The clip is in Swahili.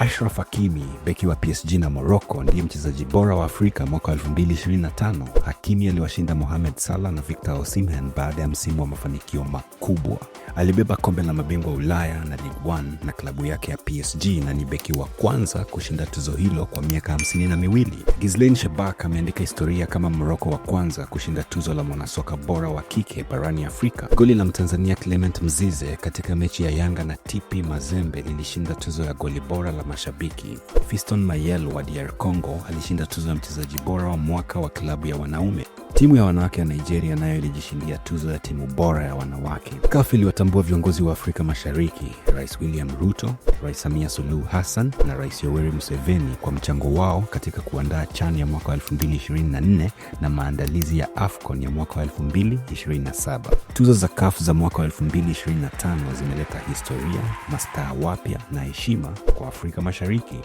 Ashraf Hakimi, beki wa PSG na Morocco, ndiye mchezaji bora wa Afrika mwaka 2025. Hakimi aliwashinda Mohamed Salah na Victor Osimhen baada ya msimu wa mafanikio makubwa. Alibeba kombe la mabingwa Ulaya na Ligue 1 na klabu yake ya PSG na ni beki wa kwanza kushinda tuzo hilo kwa miaka hamsini na miwili. Ghislaine Shebak ameandika historia kama Morocco wa kwanza kushinda tuzo la mwanasoka bora wa kike barani Afrika. Goli la Mtanzania Clement Mzize katika mechi ya Yanga na TP Mazembe lilishinda tuzo ya goli bora la mashabiki. Fiston mayel wa DR Congo alishinda tuzo ya mchezaji bora wa mwaka wa klabu ya wanaume. Timu ya wanawake ya Nigeria nayo ilijishindia tuzo ya timu bora ya wanawake. CAF iliwatambua viongozi wa Afrika Mashariki, Rais William Ruto, Rais Samia Suluhu Hassan na Rais Yoweri Museveni kwa mchango wao katika kuandaa CHAN ya mwaka 2024 na maandalizi ya AFCON ya mwaka 2027. Tuzo za CAF za mwaka 2025 zimeleta historia, mastaa wapya na heshima kwa Afrika Mashariki.